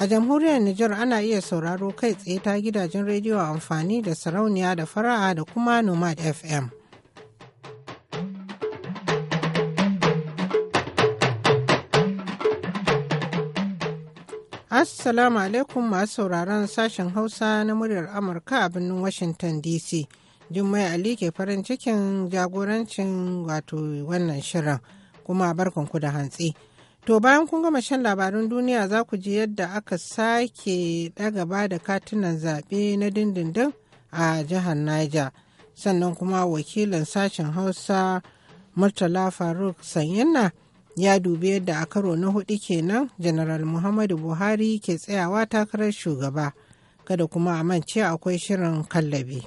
A jamhuriyar Nijar ana iya sauraro kai tsaye ta gidajen rediyo amfani da sarauniya da fara'a da kuma Nomad FM. Assalamu alaikum masu sauraron sashen Hausa na muryar Amurka a birnin Washington DC. Jummai Ali ke farin cikin jagorancin wato wannan shirin kuma barkanku da hantsi. To bayan kun gama shan labarun duniya za ku ji yadda aka sake ɗaga da katunan zaɓe na dindindin a jihar Niger. Sannan kuma wakilin sashen Hausa Murtala Faruk Sanyina ya dubi yadda a karo na hudu kenan General Muhammadu Buhari ke tsayawa takarar shugaba. Kada kuma a mance akwai shirin kallabi.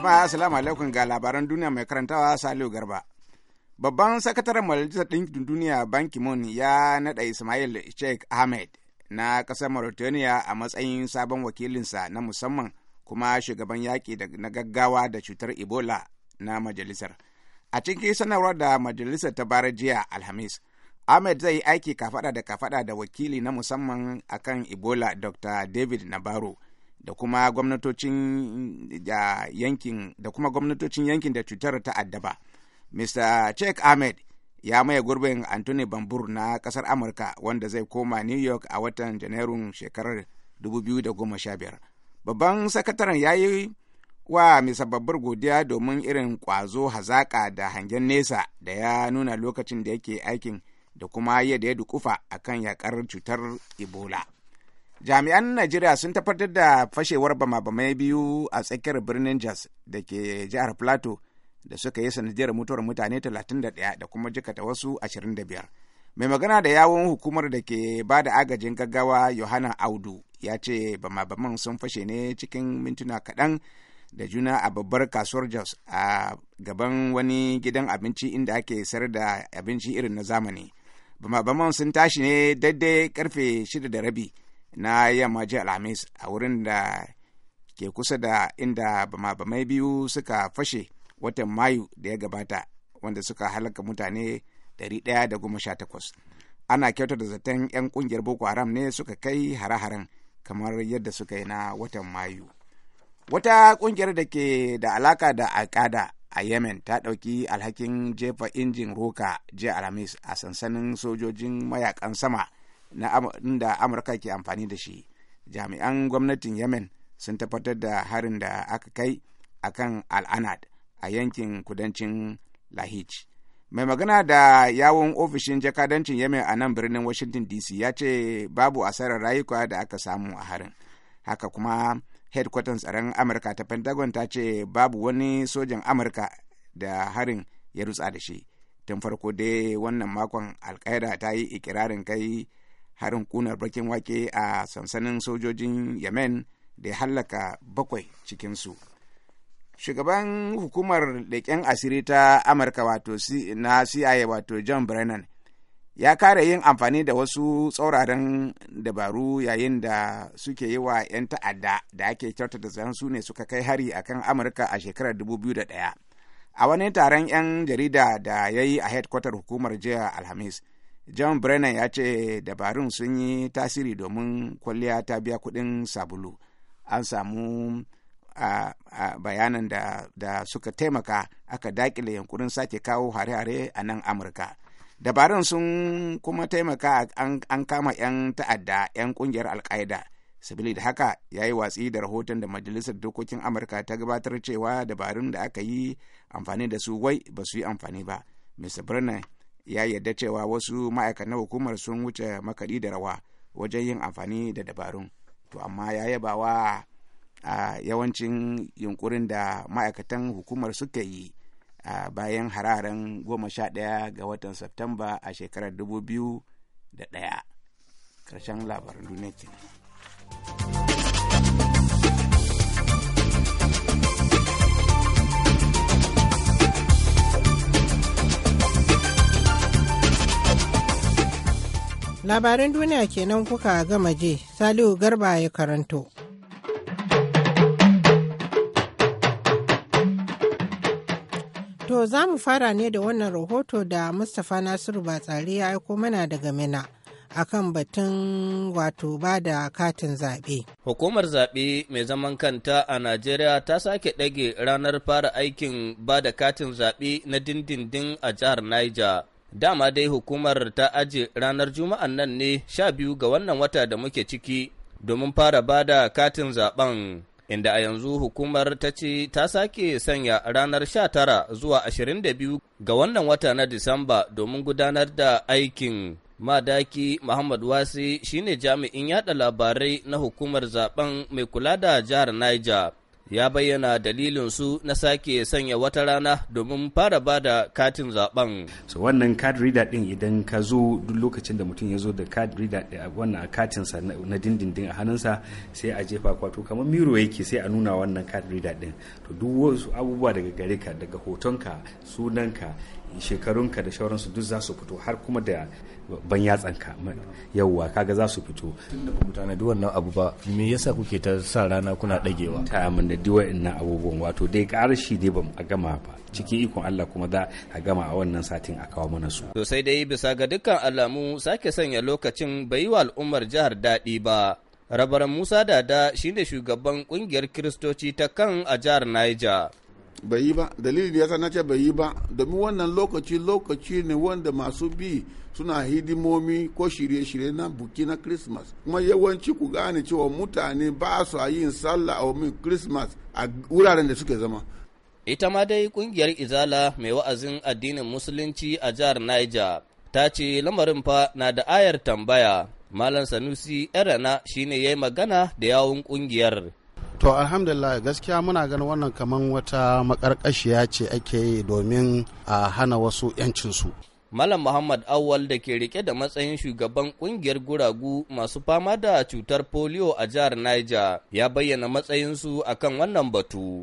Jama'a assalamu alaikum ga labaran duniya mai karantawa Salihu Garba. Babban sakataren Majalisar Ɗinkin Duniya Ban moon ya naɗa Ismail Sheikh Ahmed na ƙasar Mauritania a matsayin sabon wakilinsa na musamman kuma shugaban yaƙi na gaggawa da cutar Ebola na majalisar. A cikin sanarwar da majalisar ta bara jiya Alhamis, Ahmed zai yi aiki kafada da kafada da wakili na musamman akan Ebola Dr. David nabaro. da kuma gwamnatocin yankin da kuma gwamnatocin yankin da cutar ta addaba. Mr. Sheikh Ahmed ya maye gurbin Anthony Bambur na kasar Amurka wanda zai koma New York a watan Janairun shekarar 2015. Babban sakataren ya yi wa Mr. Babbar godiya domin irin kwazo hazaƙa da hangen nesa da ya nuna lokacin da yake aikin da kuma yadda ya dukufa akan yakar cutar Ebola. jami'an najeriya sun tabbatar da fashewar bama-bamai biyu a tsakiyar birnin jos da ke jihar plateau da suka yi sanadiyar mutuwar mutane 31 da kuma jikata wasu 25 mai magana da yawon hukumar da ke ba da agajin gaggawa yohana audu ya ce bama-baman sun fashe ne cikin mintuna kaɗan da juna a babbar kasuwar jos a gaban wani gidan abinci inda ake sayar da abinci irin na zamani bama-baman sun tashi ne daidai karfe shida da rabi na yamma jiya alhamis a wurin da ke kusa da inda bama-bamai biyu suka fashe watan mayu da ya gabata wanda suka halaka mutane 118 ana kyautar da zaton 'yan kungiyar boko haram ne suka kai hare-haren kamar yadda suka yi na watan mayu wata kungiyar da ke da alaka da alkada a yemen ta ɗauki alhakin jefa injin roka jiya alhamis a sansanin sojojin mayakan sama na da amurka ke amfani da shi jami'an gwamnatin yemen sun tabbatar da harin da aka kai a kan al'anad a yankin kudancin lahij mai magana da yawon ofishin jakadancin yemen a nan birnin washington dc ya ce babu asarar rayuka da aka samu a harin haka kuma hedkwatan tsaron amurka ta pentagon ta ce babu wani sojan amurka da harin ya rutsa da shi tun farko dai wannan makon alkaida ta yi ikirarin kai harin kunar bakin wake a sansanin sojojin yemen da ya hallaka bakwai cikinsu shugaban hukumar leƙen asiri ta amurka wato na cia wato john brennan ya kare yin amfani da wasu tsauraran dabaru yayin da suke yi wa 'yan ta'adda da ake kyautata zan su ne suka kai hari akan amurka a shekarar 2001 a wani taron 'yan jarida da ya yi a headquarter hukumar jiya alhamis john brennan ya ce dabarun sun yi tasiri domin kwalliya ta biya kudin sabulu an samu a, a bayanan da, da suka taimaka aka dakile yankurin sake kawo hare-hare a nan amurka dabarun sun kuma taimaka an, an kama 'yan ta'adda 'yan kungiyar alkaida sabili da haka ya yi watsi da rahoton da majalisar dokokin amurka ta gabatar cewa dabarun da aka yi amfani da su wai ba su yi amfani ba mr brennan ya yarda cewa wasu ma'aikatan hukumar sun wuce makaɗi da rawa wajen yin amfani da dabarun to amma ya yabawa a yawancin yunkurin da ma'aikatan hukumar suka yi a bayan hararen goma sha ɗaya ga watan Septemba a shekarar dubu biyu da ɗaya ƙarshen labarin duniya kenan. Labaran duniya kenan kuka gama je, Salihu Garba ya karanto. To za mu fara ne da wannan rahoto da Mustapha Nasiru Batsari ya aiko mana daga Mina. kan batun wato ba da katin zaɓe. Hukumar zaɓe mai zaman kanta a Najeriya ta sake ɗage ranar fara aikin ba da katin zaɓe na dindindin a jihar Niger Dama dai hukumar ta aje ranar Juma'an nan ne sha biyu ga wannan wata da muke ciki domin fara bada katin zaben. Inda a yanzu hukumar ta ce ta sake sanya ranar sha tara zuwa ashirin da biyu ga wannan wata na Disamba domin gudanar da aikin Madaki Muhammad Wasi shine jami'in yada labarai na hukumar zaben mai kula da jihar Niger. ya bayyana dalilinsu na sake sanya wata rana domin fara ba da katin zaben. so wannan card reader din idan ka zo duk lokacin da mutum ya zo da card reader eh, wannan katinsa na dindindin a hannunsa sai a jefa kwato kamar miro yake sai a nuna wannan card reader din to duk wasu abubuwa daga gare ka daga hotonka sunanka shekarunka da shauransu duk za su fito har kuma da ban yatsanka yauwa kaga za su fito da kuma tana duwan nan abu ba me yasa kuke ta sa rana kuna dagewa ta mun da duwan nan abubuwan wato dai karashi dai ba a gama ba cikin ikon Allah kuma za a gama a wannan satin a kawo mana su to sai dai bisa ga dukkan alamu sake sanya lokacin bai wa al'ummar jihar daɗi ba rabaran Musa Dada shine shugaban kungiyar Kiristoci ta kan a jihar Niger bai yi ba dalilin ya na ce bai yi ba domin wannan lokaci lokaci ne wanda masu bi suna hidimomi ko shirye-shirye na buki na christmas kuma yawanci ku gane cewa mutane ba su a yin sallah a wamin christmas a wuraren da suke zama ita ma dai kungiyar izala mai wa'azin addinin musulunci a jihar niger ta ce lamarin fa na da ayar tambaya malam sanusi erana shine ya yi magana da yawun kungiyar to alhamdulillah gaskiya muna ganin wannan kamar wata makarkashiya ce ake yi domin a hana wasu 'yancinsu Malam Muhammad Awal da ke rike da matsayin shugaban kungiyar guragu masu fama da cutar polio a jihar Niger ya bayyana matsayinsu a kan wannan batu.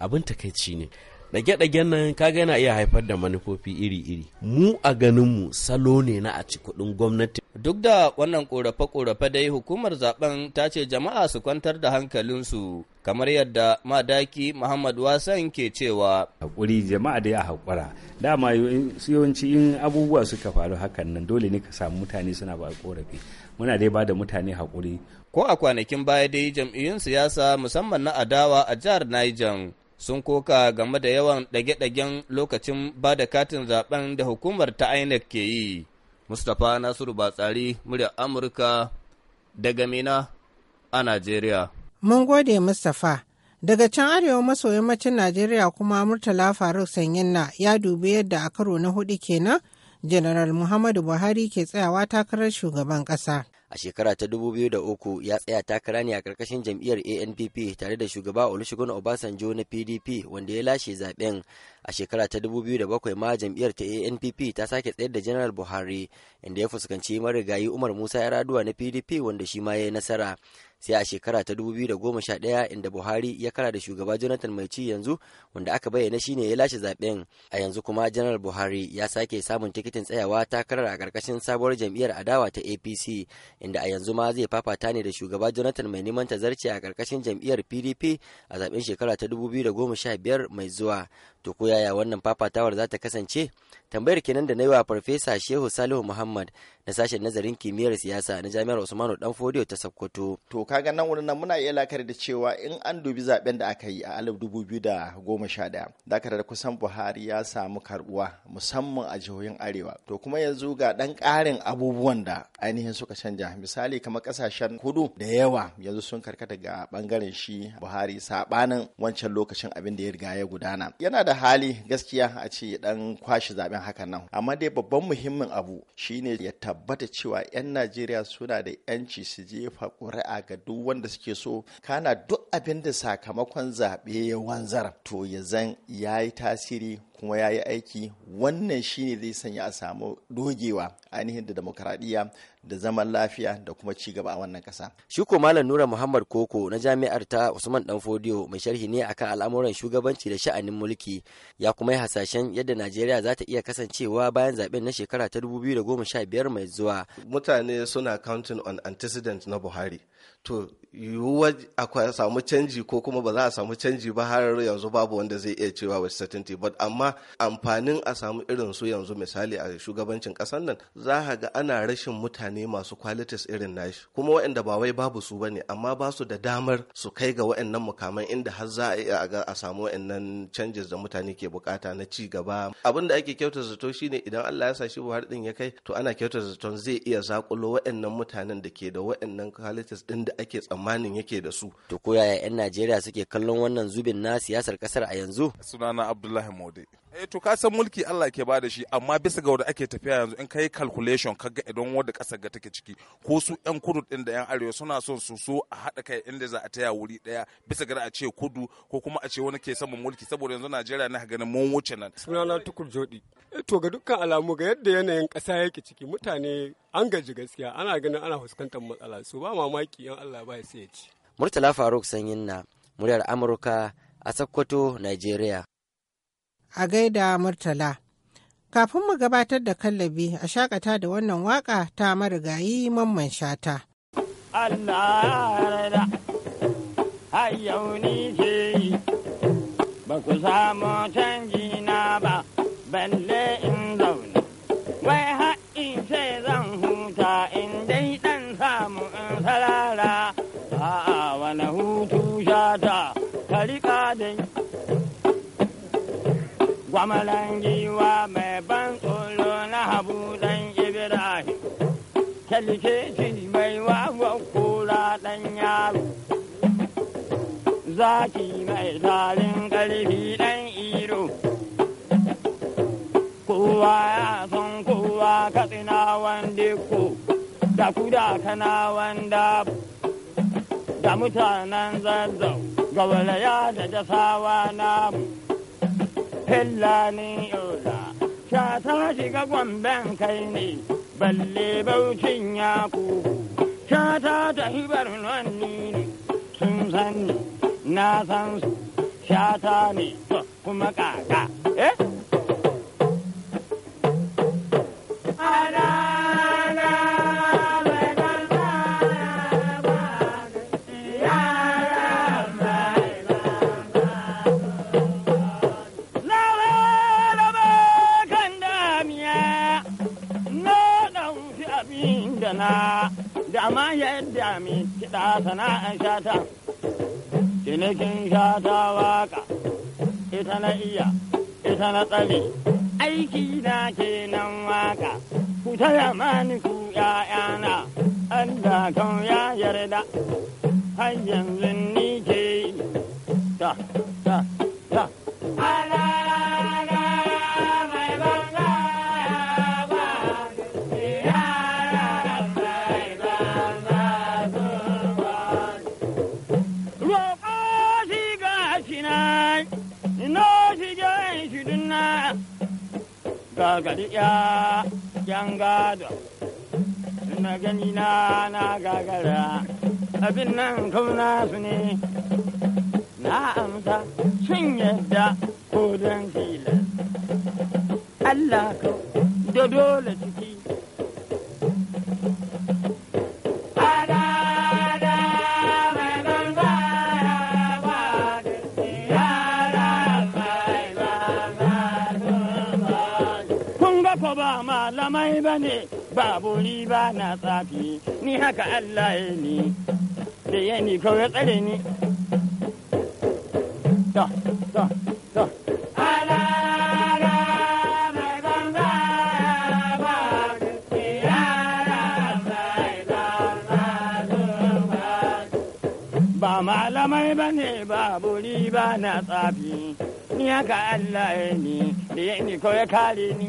Abin takaici ne, ɗage-ɗagen nan kaga yana iya haifar da manufofi iri-iri. Mu a ganinmu salo ne na a ci kuɗin gwamnati Duk da wannan ƙorafe-ƙorafe dai hukumar zaben ta ce jama'a su kwantar da hankalinsu kamar yadda madaki Muhammad Wasan ke cewa. Hakuri jama'a dai a haƙura. Dama yawanci in abubuwa suka faru hakan nan dole ne ka samu mutane suna ba ƙorafi. Muna dai ba da mutane haƙuri. Ko a kwanakin baya dai jam'iyyun siyasa musamman na adawa a jihar Niger sun koka game da yawan ɗage-ɗagen lokacin ba da katin zaben da hukumar ta INEC ke yi. Mustapha Nasiru Batsari, muryar Amurka daga Mina a Najeriya. Mun gode Mustapha. Daga can arewa maso yammacin Najeriya kuma Murtala Faruk Sanyinna ya dubi yadda a karo na hudu kenan General Muhammadu Buhari ke tsayawa takarar shugaban ƙasa. a shekara ta 2003 ya tsaya takara ne a karkashin jam'iyyar ANPP tare da shugaba Olusegun Obasanjo na PDP wanda ya lashe zaben a shekara ta 2007 ma jam'iyyar ta ANPP ta sake tsayar da General Buhari inda ya fuskanci marigayi Umar Musa yaraduwa na PDP wanda shi ma ya yi nasara sai a shekara ta 2011 inda buhari ya kara da shugaba jonathan mai ci yanzu wanda aka bayyana shine ya lashe zaben a yanzu kuma janaral buhari ya sake samun tikitin tsayawa takarar a karkashin sabuwar jam'iyyar adawa ta apc inda a yanzu ma zai fafata ne da shugaba jonathan mai neman tazarci a karkashin jam'iyyar pdp a zaben shekara ta 2015 mai zuwa To ko yaya wannan fafatawar za ta kasance? Tambayar kenan da na yi wa Farfesa Shehu Salihu Muhammad na sashen nazarin kimiyyar siyasa na Jami'ar Usmanu fodiyo ta Sokoto. To kaga nan wurin nan muna iya lakar da cewa in an dubi zaben da aka yi a alif dubu biyu da goma sha daya dakatar da kusan Buhari ya samu karbuwa musamman a jihohin Arewa. To kuma yanzu ga dan karin abubuwan da ainihin suka canja misali kamar kasashen kudu da yawa yanzu sun karkata ga bangaren shi Buhari sabanin wancan lokacin abin da ya riga ya gudana. Yana da da hali gaskiya a ce dan kwashi zaben hakan nan amma dai babban muhimmin abu shine ya tabbata cewa 'yan najeriya suna da 'yanci su jefa ƙuri'a ga duk wanda suke so kana duk abin da sakamakon zaɓe ya wanzar to ya zan ya yi tasiri kuma ya yi aiki wannan shi ne zai sanya a samu dogewa ainihin da demokaradiyya da zaman lafiya da kuma ci gaba a wannan kasa. shuko ko Malam Nura Muhammad Koko na jami'ar ta Usman Danfodiyo mai sharhi ne akan al'amuran shugabanci da sha'anin mulki ya kuma yi hasashen yadda Najeriya za ta iya kasancewa bayan zaben na shekara ta 2015 mai zuwa. Mutane suna counting on antecedent na Buhari. To yiwuwa a samu canji ko kuma ba za a samu canji ba har yanzu babu wanda zai iya cewa with certainty but amma amfanin a samu irin su yanzu misali a shugabancin ƙasar nan za a ga ana rashin mutane masu qualities irin nashi kuma waɗanda ba wai babu su bane amma ba su da damar su kai ga waɗannan mukaman inda har za a iya ga a samu waɗannan changes da mutane ke bukata na ci gaba abin da ake kyauta zato shine idan Allah ya sa shi Buhari din ya kai to ana kyauta zato zai iya zakulo waɗannan mutanen da ke da waɗannan qualities din da ake tsammani tsammanin yake da su. To ko 'yan Najeriya suke kallon wannan zubin na siyasar kasar a yanzu? Sunana Abdullahi Mode. eh to ka san mulki Allah ke da shi amma bisa ga wanda ake tafiya yanzu in kai calculation kaga idan wanda kasar ga take ciki ko su yan kudu din da yan arewa suna son su so a haɗa kai inda za a taya wuri daya bisa ga a ce kudu ko kuma a ce wani ke saman mulki saboda yanzu Najeriya na ganin mun wuce nan sunana tukur jodi eh, to ga dukkan alamu ga yadda yanayin kasa yake ciki mutane an gaji gaskiya ana ganin ana fuskantar matsala su ba mamaki yan Allah ba ya ci Murtala Faruk Sanyin na muryar Amurka a Sokoto Najeriya a gaida murtala. Kafin mu gabatar da kallabi a shakata da wannan waka ta marigayi mamman shata. Allah hayyau ni ce yi, ba ku samu canji na ba, balle in zaune. Wai haƙi sai zan huta in dai ɗan samu in sarara. Kwamalan giwa mai ban tsoro na habu dan ibrahim kyalkeci mai wawan kura dan yaro zaki mai tarin karfi dan iro kowa ya san kowa katsina wanda ko da kuda kana wanda da mutanen zazzau ga walaya da jasawa namu fillani yola sha ta shiga gwamben kai ne balle baucin ya kuhu sha ta hibar barnon ni sun san ni na san su sha ta ne kuma kaka eh shata cinikin shata waka ita na iya ita na tsare aiki na kenan waka ku taya mani ku ‘ya'yana Allah kan ya yarda har yanzu ni ke ta ya yan gado na gani na na gagara abin nan gauna su ne na amsa sun yadda kodon don tilas Allah ka da dole ci komai ba ne ba buri ba na tsafi ni haka Allah ya ni da ya ni kawai tsare ni to to to ba malamai ba ne ba buri ba na tsafi ni haka Allah ya ni da ya ni kawai kare ni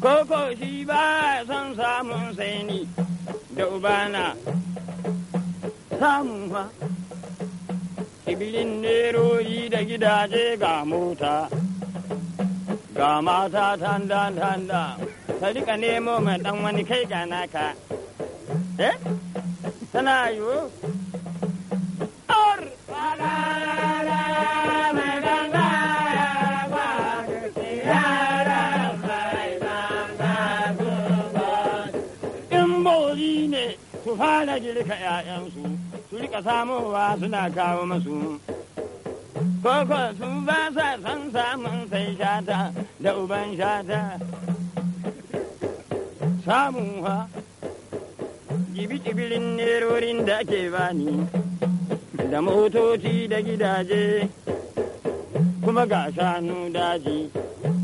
koko shi ba son samun sai ni da ubana samun ba ibilin nerori da gidaje ga mota ga mata tanda tanda ta rika nemo mai dan wani kai ga naka eh tana yiwu fara girka 'ya'yansu su rika samowa suna kawo masu koko su ba sa san samun sai shata da uban shata samun ha jibi-jibirin nerorin da ake bani da motoci da gidaje kuma ga shanu daji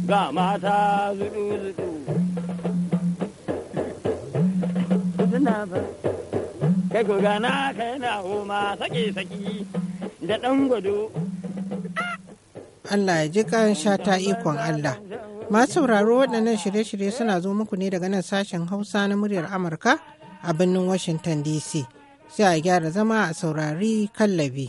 ga mata zudu-zudu suna ba kai ko gana kai homa saki saki da ɗan gwado. Allah ya ji kan sha ta ikon Allah. Masu sauraro waɗannan shirye-shirye suna zo muku ne daga nan sashen Hausa na muryar Amurka a birnin Washington DC. Sai a gyara zama a saurari kallabi.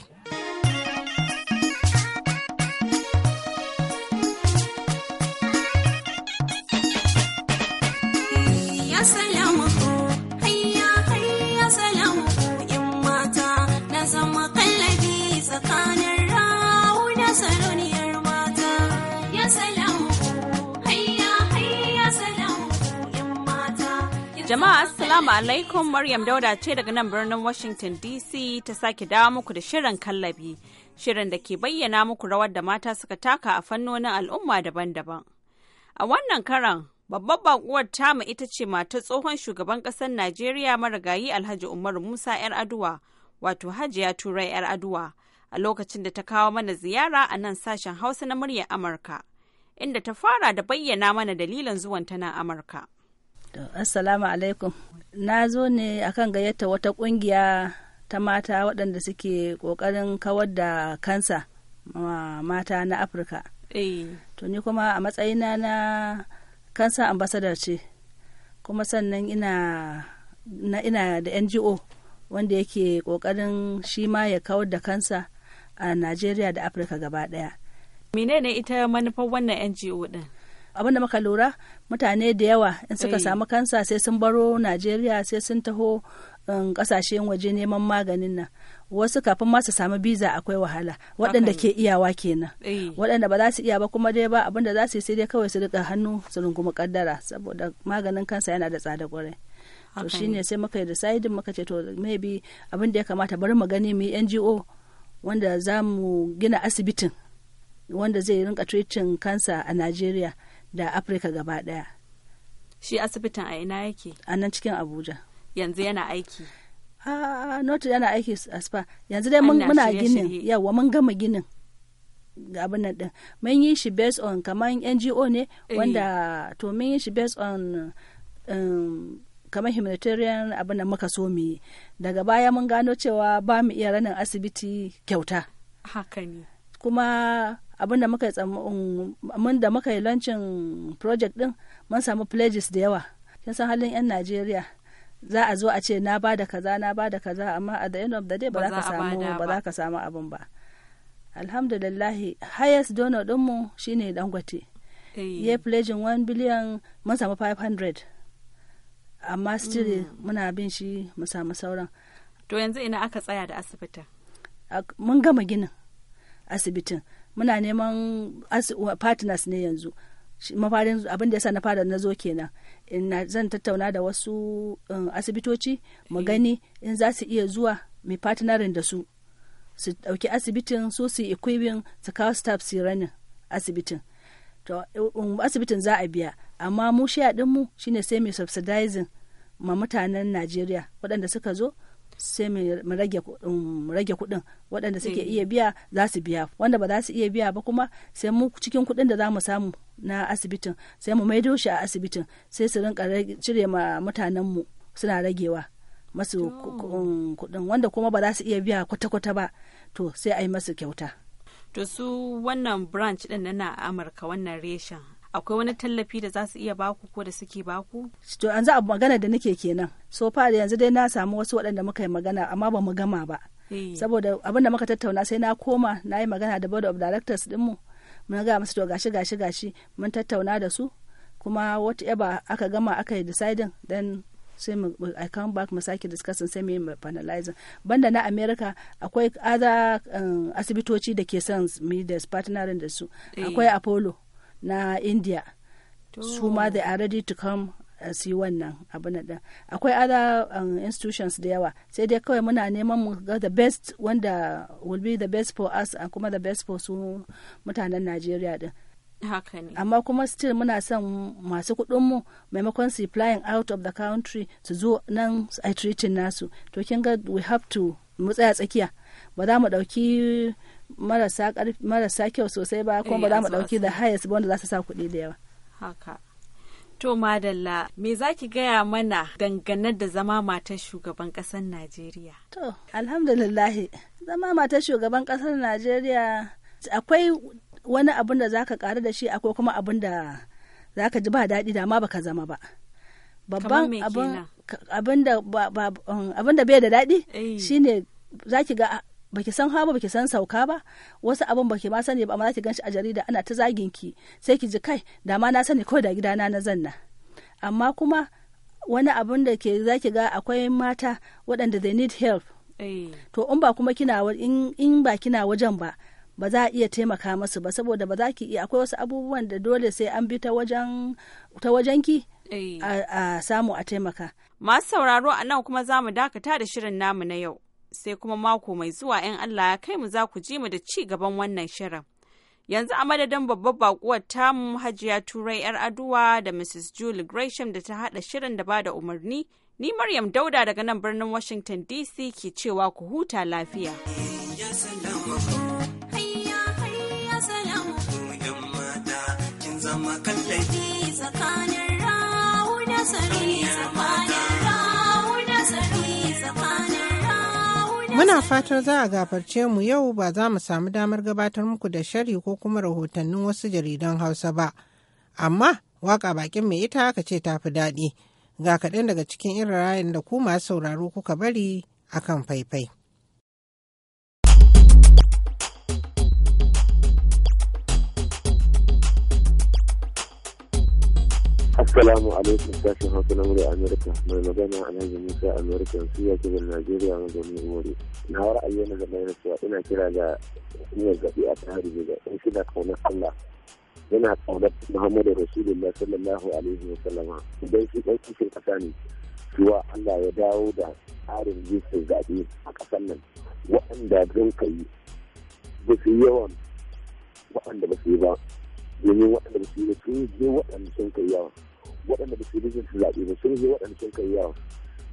Jama'a Assalamu alaikum Maryam Dauda ce daga nan birnin Washington DC ta sake dawo muku da shirin kallabi. Shirin da ke bayyana muku rawar da mata suka taka a fannonin al'umma daban-daban. A wannan karan, babbar bakuwar tamu ita ce mata tsohon shugaban ƙasar Najeriya marigayi Alhaji umaru Musa 'yar Aduwa, wato Hajiya Turai 'yar Aduwa, a lokacin da ta kawo mana ziyara a nan sashen Hausa na muryar Amurka, inda ta fara da bayyana mana dalilin ta nan Amurka. Assalamu alaikum. Na zo ne akan gayyata wata ƙungiya ta mata waɗanda suke ƙoƙarin kawar da kansa mata na Afirka. Eh. To ni kuma a matsayina na kansa ambasadar ce, kuma sannan ina na ina da NGO wanda yake ƙoƙarin shi ma ya kawar da kansa a Najeriya da Afirka gaba ɗaya. Menene ita manufar wannan NGO ɗin? abin da muka lura mutane da yawa in suka eh. samu kansa sai sun baro najeriya sai sun taho kasashen um, waje neman maganin nan wasu kafin ma su samu biza akwai wahala waɗanda ke iyawa kenan eh. waɗanda ba za su iya ba kuma dai ba abinda za su yi sai dai kawai su rika hannu su rungumi kaddara saboda maganin kansa yana da tsada gwarai to shine sai muka yi saidin muka ce to maybe abin da ya kamata bari mu gani mu yi NGO wanda za mu gina asibitin wanda zai rinka treating kansa a Najeriya da afirka gaba daya shi asibitin a ina yake a nan cikin abuja yanzu yana aiki a notu yana aiki a yanzu dai muna ginin yawa mun gama ginin abin nan din mun yi shi based on kamar ngo ne eh. wanda to mun yi shi based on um, kamar humanitarian abin nan muka so mu yi daga baya mun gano cewa ba mu iya ranin asibiti kyauta haka ne kuma abin da muka yi um, da muka yi lancin project din mun samu pledges da yawa kin san halin yan Najeriya za a zo a ce na bada kaza na bada kaza amma at the end of the day ba za ka samu ba za ka samu abin ba alhamdulillah highest donor mu shine dangote eh. ya pledging 1 billion mun samu 500 amma still mm. muna bin shi mu samu sauran to yanzu ina aka tsaya da asibitin mun gama ginin asibitin muna neman partners ne yanzu mafarin abin da yasa na fara na zo kenan ina zan tattauna da wasu um, asibitoci mu eh. gani in za su iya zuwa mai partnerin da su su dauki asibitin su su su kawo staff su ranin asibitin um, asibitin za a biya amma mu shi mu shine sai mai subsidizing ma mutanen Najeriya waɗanda suka zo sai mu rage kuɗin waɗanda suke mm. iya biya za su biya wanda ba za su iya biya ba kuma sai mu cikin kuɗin da za mu samu na asibitin sai mu maido shi a asibitin sai su rinka cire ma mutanenmu suna ragewa masu um, kuɗin wanda kuma ba za su iya biya kwata-kwata ba to sai a yi masu kyauta to su wannan branch ɗin na amurka wannan reshen akwai wani tallafi da za su iya baku ko da suke baku? To yanzu abu magana da nake kenan. So far yanzu dai na samu wasu waɗanda muka yi magana amma ba mu gama ba. Eh. Saboda abin da muka tattauna sai na koma na yi magana da board of directors dinmu. Mun ga musu to gashi gashi gashi mun tattauna da su kuma whatever aka gama aka yi deciding then sai mu I come back mu sake discussing sai mu yi finalizing banda na America akwai other um, asibitoci da ke son mu da partnering da su eh. akwai Apollo na india su ma they are ready to come uh, see wannan abu na din akwai other um, institutions da yawa sai dai kawai muna neman mu ga the best wanda will be the best for us and kuma the best for su mutanen nigeria din. amma kuma still muna son masu mu maimakon su flying out of the country su zo nan a treating nasu to kin ga we have to mu tsaya tsakiya ba za mu ɗauki marasa kyau sosai ba kuma ba za mu dauki da hayas ba wanda za su sa kuɗi da yawa haka to madalla me za ki gaya mana dangane da zama matar shugaban ƙasar najeriya to alhamdulillahi zama matar shugaban ƙasar najeriya akwai wani abun da za ka ƙaru da shi akwai kuma abun da za ka ji ba daɗi da ma baka zama ba babban abun da bai da daɗi eh. shine za ki ga baki san haba baki san sauka ba wasu abun baki ma sani ba amma zaki ganshi a jarida ana ta zagin ki sai ki ji kai da ma na sani kawai da gidana na zanna amma kuma wani abun da ke zaki ga akwai mata waɗanda they need help eh. to in ba kuma kina in ba kina wajen ba ba za a iya taimaka masu ba saboda ba za ki iya akwai wasu abubuwan da dole sai an bi ta wajen ta wajen ki eh. a samu a taimaka masu sauraro a nan kuma za mu dakata da shirin namu na yau sai kuma mako mai zuwa 'yan Allah ya kai mu za ku ji mu da ci gaban wannan shirin. Yanzu a madadin babbar bakuwar tamu Hajiya Turai 'yar aduwa da Mrs. Julie Gresham da ta haɗa shirin da ba da umarni, ni Maryam Dauda daga nan birnin Washington DC ke cewa ku huta lafiya. zama Muna fatan za a gafarce mu yau ba za mu samu damar gabatar muku da shari ko kuma rahotannin wasu jaridan Hausa ba. Amma waka bakin mai ita aka ce ta fi daɗi. Ga kaɗan daga cikin irin da ku masu sauraro kuka bari akan faifai. السلام عليكم تاسع هوك نوري امريكا من المدينة عن هذه امريكا في كبير نيجيريا من دون نوري نهار ايانا لما ينسوا انا كلا لا نوزا في اتهار جدا انسنا قونا قلا لنا قونا محمد رسول الله صلى الله عليه وسلم بيسي بيسي في القساني سوى الله يداود عارف جيس الزادين اقسنا وان دا بنكي بسيوان وان دا بسيوان يعني وان دا بسيوان يعني وان دا بسيوان waɗanda da su su zaɓe ba sun je waɗanda sun kai yawa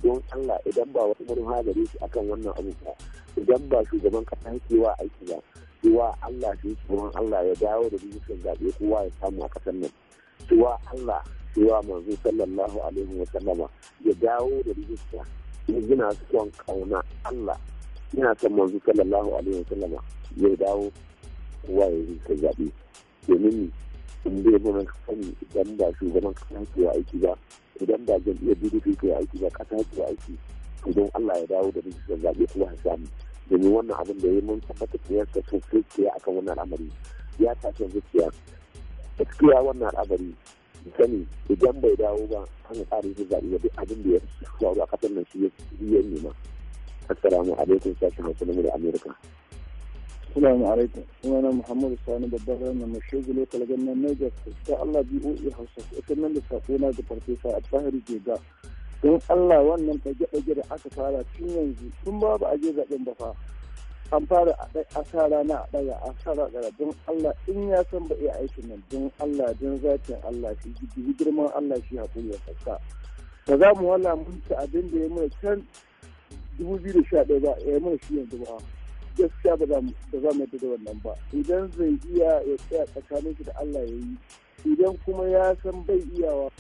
don Allah idan ba wata murha gare su akan wannan abubuwa idan ba shugaban kasa yake wa aiki ba suwa Allah shi tsoron Allah ya dawo da rijistar zaɓe kowa ya samu a ƙasar nan suwa Allah suwa manzo sallallahu alaihi wa sallama ya dawo da rijista ya gina su kan kauna Allah ina son manzo sallallahu alaihi wa sallama ya dawo kowa ya rijistar zaɓe domin in bai mana sani idan ba shugaban kasa ke aiki ba idan ba jam'iyyar da ke aiki ba kasa ke aiki idan allah ya dawo da rijistar zaɓe kuma a samu domin wannan abin da ya mun tabbata siyarsa sosai ke kan wannan al'amari ya tashin zuciya gaskiya wannan al'amari sani idan bai dawo ba an tsari yin zaɓe da abin da ya faru a kasar nan shi ya nema assalamu alaikum sashen hausa na amurka Assalamu alaikum. Sunana Muhammadu Sani babban ranar mai kalgan na Niger ta Allah BOA Hausa. Ita nan da sako na da farfesa a tsahari ga. Don Allah wannan fage-fage da aka fara tun yanzu tun babu aje zaɓen ba fa. An fara a sa rana a ɗaya a sa rana don Allah in ya san ba iya aikin nan don Allah don zatin Allah shi gidi girman Allah shi haƙuri ya sassa. Ba za mu wala mun ci abin da ya mana can dubu biyu da ɗaya ba ya mana shi yanzu ba. gaskiya ba za mu yadda da wannan ba idan zai iya ya tsaya tsakanin shi da Allah ya yi idan kuma ya san bai iyawa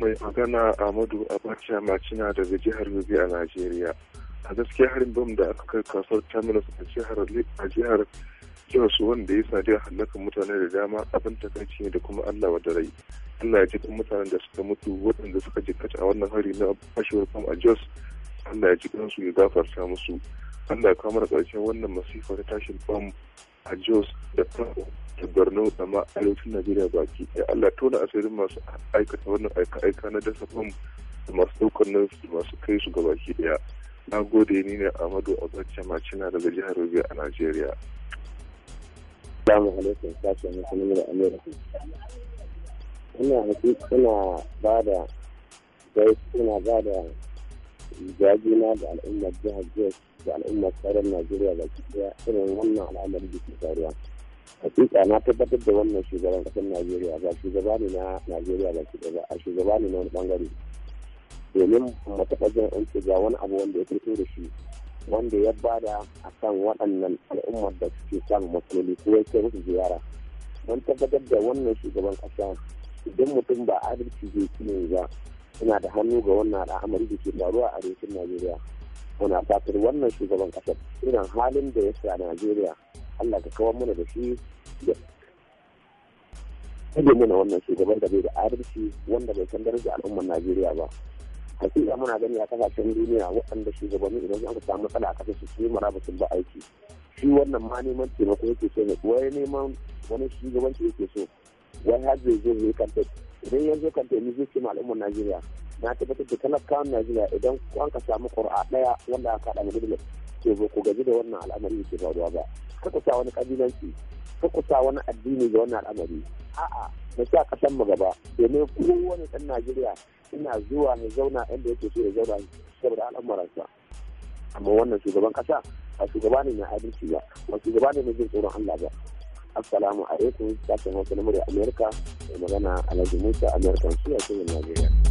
mai magana amadu Abacha Macina daga jihar Yobe a Najeriya a gaskiya harin bam da aka kai kasuwar Terminus a jihar a jihar Jos wanda ya sadi a halakan mutane da dama abin takaici ne da kuma Allah wa rai Allah ya ji kan mutanen da suka mutu waɗanda suka jikkata a wannan hari na fashewar bam a Jos Allah ya ji kansu ya gafarta musu Allah ya kawo mana ƙarshen wannan masifa ta tashin bam a Jos da Tabo da Borno da ma arewacin Najeriya baki da Allah tona asirin masu aikata wannan aika-aika na dasa bam da masu ɗaukar nan masu kai su ga baki ɗaya. Na gode ni ne Amadu Abacha Macina daga jihar Yobe a Najeriya. Assalamu alaikum sashen da Ina ba da gaisuwa ba da jajina da al'ummar jihar Jos da al'ummar tsarin najeriya ga daya irin wannan al'amari da ke faruwa hakika na tabbatar da wannan shugaban kasar najeriya ba shugaba ne na najeriya ga daya ba a shugaba ne na wani bangare domin mu taɓa jin an ce ga wani abu wanda ya fito da shi wanda ya bada a kan waɗannan al'ummar da suke kan matsaloli ko ya kai musu ziyara don tabbatar da wannan shugaban ƙasa idan mutum ba adalci zai ne ba suna da hannu ga wannan al'amari da ke faruwa a arewacin najeriya muna fatar wannan shugaban kasar irin halin da ya a najeriya allah ka kawar mana da shi ya rage mana wannan shugaban da bai da adalci wanda bai san daraja al'ummar najeriya ba hakika muna gani a kasashen duniya waɗanda shugabanni idan aka samu matsala a kasar su su mara ba ba aiki shi wannan ma neman taimako yake so ne wai neman wani shugabanci yake so wai har zai zo zai kanta idan ya zo kanta ne zai ce ma al'ummar najeriya na tabbatar da talakawan najeriya idan an ka samu ƙura ɗaya wanda aka haɗa majalis ke ba ku gaji da wannan al'amari da ke faruwa ba kaka sa wani ƙabilanci kaka sa wani addini da wannan al'amari a'a na sa ƙasan mu gaba domin kowane ɗan najeriya ina zuwa ya zauna inda yake so ya zauna saboda al'amuransa amma wannan shugaban ƙasa a shugaba ne mai adalci ba ba shugaba ne mai jin tsoron Allah ba assalamu alaikum sashen hausa na murya amerika mai magana alhaji musa amerikan a cikin najeriya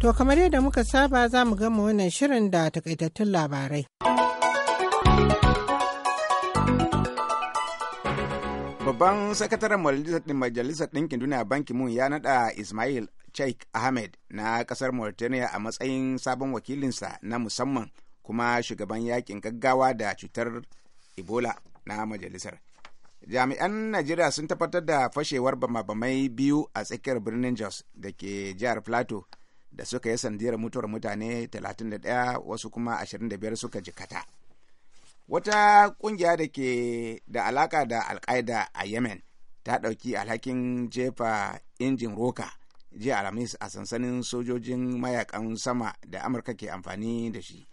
To kamar yadda muka saba za mu gama wannan shirin da takaitattun labarai. Babban sakataren Majalisar Ɗinkin Duniya Banki Mun ya naɗa Ismail Sheikh Ahmed na ƙasar Mauritania a matsayin sabon wakilinsa na musamman kuma shugaban yakin gaggawa da cutar Ebola na majalisar. Jami'an Najeriya sun tabbatar da fashewar bama biyu a tsakiyar birnin Jos da ke jihar Plateau da suka yi sandiyar mutuwar mutane 31 wasu kuma 25 suka jikata. Wata kungiya da ke da alaka da alkaida a Yemen ta ɗauki alhakin jefa injin roka jiya Alhamis a sansanin sojojin mayakan sama da Amurka ke amfani da shi.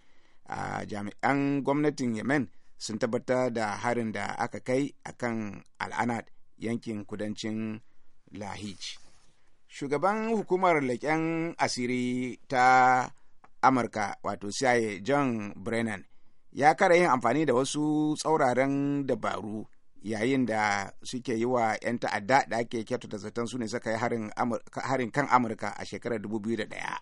A jami'an gwamnatin Yemen sun tabbatar da harin da aka kai akan al'anad yankin kudancin Lahij. shugaban hukumar leƙen asiri ta amurka wato CIA john brennan ya kara yin amfani da wasu tsauraran dabaru yayin da suke yi wa 'yan ta'adda da ake kyautata zaton su ne suka yi harin kan amurka a shekarar 2001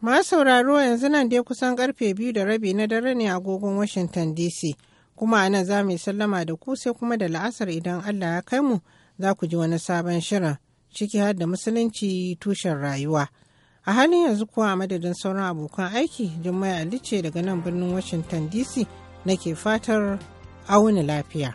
Ma sauraro yanzu nan dai kusan karfe biyu da rabi na dare ne agogon Washington DC, kuma a nan za mu sallama da ku sai kuma da la'asar idan Allah ya kai mu. za ku ji wani sabon shirin ciki har da musulunci tushen rayuwa. A halin yanzu kuwa a madadin sauran abokan aiki Jummai Ali ce daga nan birnin Washington DC nake fatar auni lafiya.